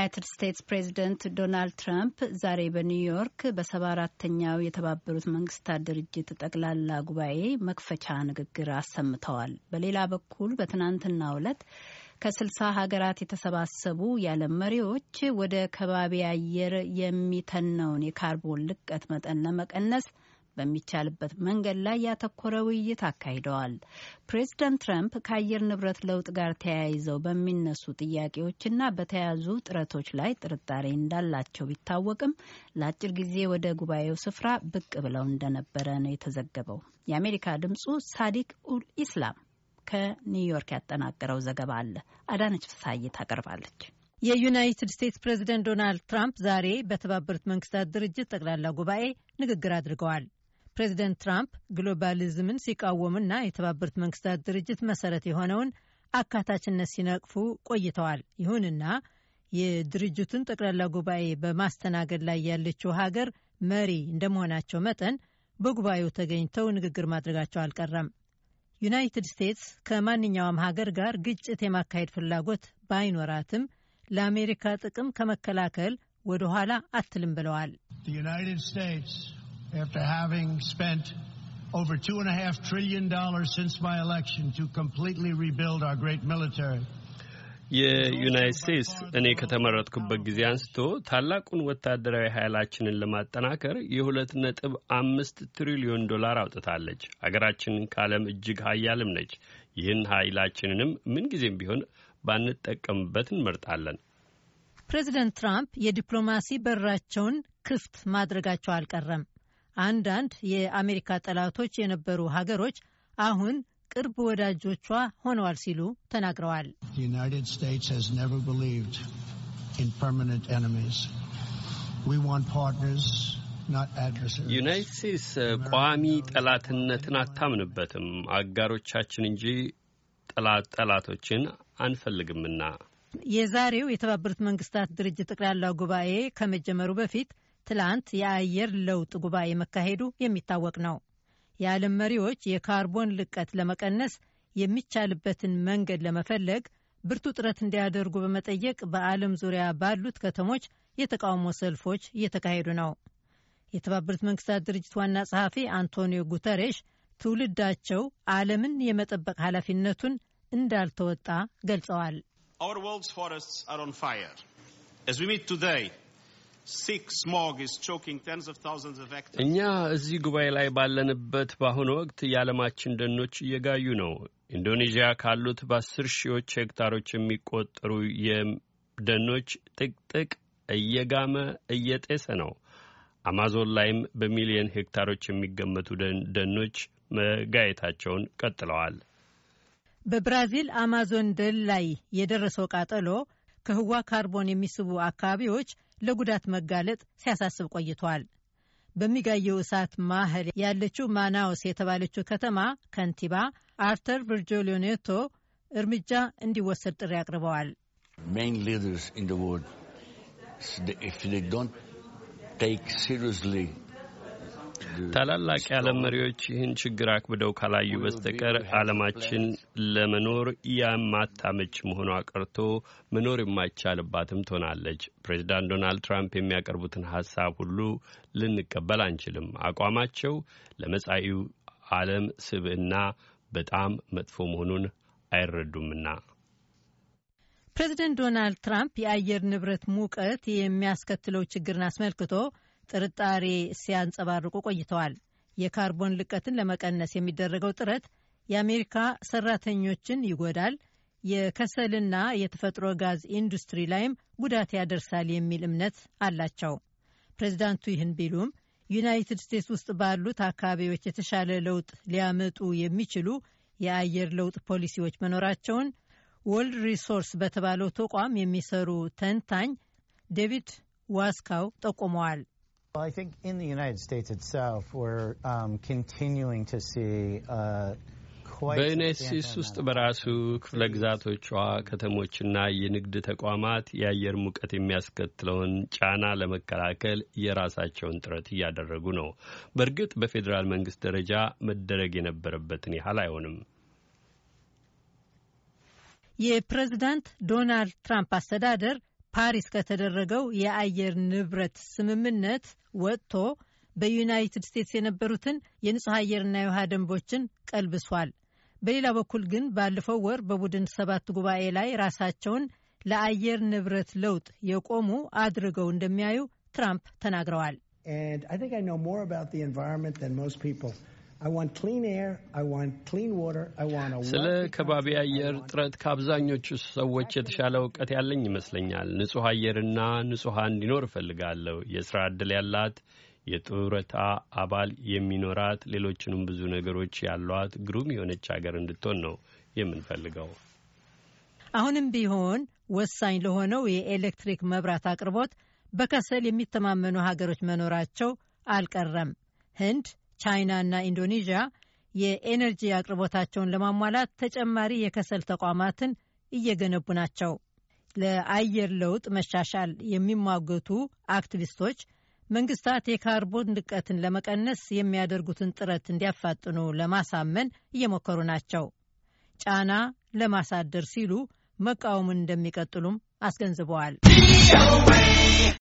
የዩናይትድ ስቴትስ ፕሬዚደንት ዶናልድ ትራምፕ ዛሬ በኒውዮርክ በሰባ አራተኛው የተባበሩት መንግስታት ድርጅት ጠቅላላ ጉባኤ መክፈቻ ንግግር አሰምተዋል። በሌላ በኩል በትናንትናው ዕለት ከስልሳ ሀገራት የተሰባሰቡ የዓለም መሪዎች ወደ ከባቢ አየር የሚተነውን የካርቦን ልቀት መጠን ለመቀነስ በሚቻልበት መንገድ ላይ ያተኮረ ውይይት አካሂደዋል። ፕሬዚዳንት ትራምፕ ከአየር ንብረት ለውጥ ጋር ተያይዘው በሚነሱ ጥያቄዎችና በተያዙ ጥረቶች ላይ ጥርጣሬ እንዳላቸው ቢታወቅም ለአጭር ጊዜ ወደ ጉባኤው ስፍራ ብቅ ብለው እንደነበረ ነው የተዘገበው። የአሜሪካ ድምጹ ሳዲቅ ኡል ኢስላም ከኒውዮርክ ያጠናቀረው ዘገባ አለ። አዳነች ፍሳይ ታቀርባለች። የዩናይትድ ስቴትስ ፕሬዚደንት ዶናልድ ትራምፕ ዛሬ በተባበሩት መንግስታት ድርጅት ጠቅላላ ጉባኤ ንግግር አድርገዋል። ፕሬዚደንት ትራምፕ ግሎባሊዝምን ሲቃወሙና የተባበሩት መንግስታት ድርጅት መሰረት የሆነውን አካታችነት ሲነቅፉ ቆይተዋል። ይሁንና የድርጅቱን ጠቅላላ ጉባኤ በማስተናገድ ላይ ያለችው ሀገር መሪ እንደመሆናቸው መጠን በጉባኤው ተገኝተው ንግግር ማድረጋቸው አልቀረም። ዩናይትድ ስቴትስ ከማንኛውም ሀገር ጋር ግጭት የማካሄድ ፍላጎት ባይኖራትም ለአሜሪካ ጥቅም ከመከላከል ወደ ኋላ አትልም ብለዋል። after having spent over two and a half trillion dollars since my election to completely rebuild our great military. የዩናይት ስቴትስ እኔ ከተመረጥኩበት ጊዜ አንስቶ ታላቁን ወታደራዊ ኃይላችንን ለማጠናከር የሁለት ነጥብ አምስት ትሪሊዮን ዶላር አውጥታለች። አገራችን ከዓለም እጅግ ሀያልም ነች። ይህን ኃይላችንንም ምንጊዜም ቢሆን ባንጠቀምበት እንመርጣለን። ፕሬዚደንት ትራምፕ የዲፕሎማሲ በራቸውን ክፍት ማድረጋቸው አልቀረም። አንዳንድ የአሜሪካ ጠላቶች የነበሩ ሀገሮች አሁን ቅርብ ወዳጆቿ ሆነዋል ሲሉ ተናግረዋል። ዩናይትድ ስቴትስ has never believed in permanent ስቴትስ ቋሚ ጠላትነትን አታምንበትም፣ አጋሮቻችን እንጂ ጠላት ጠላቶችን አንፈልግምና። የዛሬው የተባበሩት መንግስታት ድርጅት ጠቅላላ ጉባኤ ከመጀመሩ በፊት ትላንት የአየር ለውጥ ጉባኤ መካሄዱ የሚታወቅ ነው። የዓለም መሪዎች የካርቦን ልቀት ለመቀነስ የሚቻልበትን መንገድ ለመፈለግ ብርቱ ጥረት እንዲያደርጉ በመጠየቅ በዓለም ዙሪያ ባሉት ከተሞች የተቃውሞ ሰልፎች እየተካሄዱ ነው። የተባበሩት መንግስታት ድርጅት ዋና ጸሐፊ አንቶኒዮ ጉተሬሽ ትውልዳቸው ዓለምን የመጠበቅ ኃላፊነቱን እንዳልተወጣ ገልጸዋል። እኛ እዚህ ጉባኤ ላይ ባለንበት በአሁኑ ወቅት የዓለማችን ደኖች እየጋዩ ነው። ኢንዶኔዥያ ካሉት በአስር ሺዎች ሄክታሮች የሚቆጠሩ የደኖች ጥቅጥቅ እየጋመ እየጤሰ ነው። አማዞን ላይም በሚሊዮን ሄክታሮች የሚገመቱ ደኖች መጋየታቸውን ቀጥለዋል። በብራዚል አማዞን ደን ላይ የደረሰው ቃጠሎ ከህዋ ካርቦን የሚስቡ አካባቢዎች ለጉዳት መጋለጥ ሲያሳስብ ቆይቷል። በሚጋየው እሳት ማህል ያለችው ማናውስ የተባለችው ከተማ ከንቲባ አርተር ቪርጂሊዮ እርምጃ እንዲወሰድ ጥሪ አቅርበዋል። ታላላቅ የዓለም መሪዎች ይህን ችግር አክብደው ካላዩ በስተቀር ዓለማችን ለመኖር የማታመች መሆኗ ቀርቶ መኖር የማይቻልባትም ትሆናለች። ፕሬዚዳንት ዶናልድ ትራምፕ የሚያቀርቡትን ሀሳብ ሁሉ ልንቀበል አንችልም። አቋማቸው ለመጻኢው ዓለም ስብዕና በጣም መጥፎ መሆኑን አይረዱምና። ፕሬዚደንት ዶናልድ ትራምፕ የአየር ንብረት ሙቀት የሚያስከትለው ችግርን አስመልክቶ ጥርጣሬ ሲያንጸባርቁ ቆይተዋል። የካርቦን ልቀትን ለመቀነስ የሚደረገው ጥረት የአሜሪካ ሰራተኞችን ይጎዳል፣ የከሰልና የተፈጥሮ ጋዝ ኢንዱስትሪ ላይም ጉዳት ያደርሳል የሚል እምነት አላቸው። ፕሬዚዳንቱ ይህን ቢሉም ዩናይትድ ስቴትስ ውስጥ ባሉት አካባቢዎች የተሻለ ለውጥ ሊያመጡ የሚችሉ የአየር ለውጥ ፖሊሲዎች መኖራቸውን ወርልድ ሪሶርስ በተባለው ተቋም የሚሰሩ ተንታኝ ዴቪድ ዋስካው ጠቁመዋል። Well, I think in the United States itself, we're um, continuing to see uh, በዩናይት ውስጥ በራሱ ክፍለ ግዛቶቿ ከተሞችና የንግድ ተቋማት የአየር ሙቀት የሚያስከትለውን ጫና ለመከላከል የራሳቸውን ጥረት እያደረጉ ነው። በእርግጥ በፌዴራል መንግስት ደረጃ መደረግ የነበረበትን ያህል አይሆንም። የፕሬዝዳንት ዶናልድ ትራምፕ አስተዳደር ፓሪስ ከተደረገው የአየር ንብረት ስምምነት ወጥቶ በዩናይትድ ስቴትስ የነበሩትን የንጹሕ አየርና የውሃ ደንቦችን ቀልብሷል። በሌላ በኩል ግን ባለፈው ወር በቡድን ሰባት ጉባኤ ላይ ራሳቸውን ለአየር ንብረት ለውጥ የቆሙ አድርገው እንደሚያዩ ትራምፕ ተናግረዋል። ስለ ከባቢ አየር ጥረት ከአብዛኞቹ ሰዎች የተሻለ እውቀት ያለኝ ይመስለኛል። ንጹህ አየርና ንጹሐ እንዲኖር እፈልጋለሁ። የስራ ዕድል ያላት የጡረታ አባል የሚኖራት ሌሎችንም ብዙ ነገሮች ያሏት ግሩም የሆነች ሀገር እንድትሆን ነው የምንፈልገው። አሁንም ቢሆን ወሳኝ ለሆነው የኤሌክትሪክ መብራት አቅርቦት በከሰል የሚተማመኑ ሀገሮች መኖራቸው አልቀረም። ህንድ ቻይና እና ኢንዶኔዥያ የኤነርጂ አቅርቦታቸውን ለማሟላት ተጨማሪ የከሰል ተቋማትን እየገነቡ ናቸው። ለአየር ለውጥ መሻሻል የሚሟገቱ አክቲቪስቶች መንግስታት የካርቦን ልቀትን ለመቀነስ የሚያደርጉትን ጥረት እንዲያፋጥኑ ለማሳመን እየሞከሩ ናቸው። ጫና ለማሳደር ሲሉ መቃወሙን እንደሚቀጥሉም አስገንዝበዋል።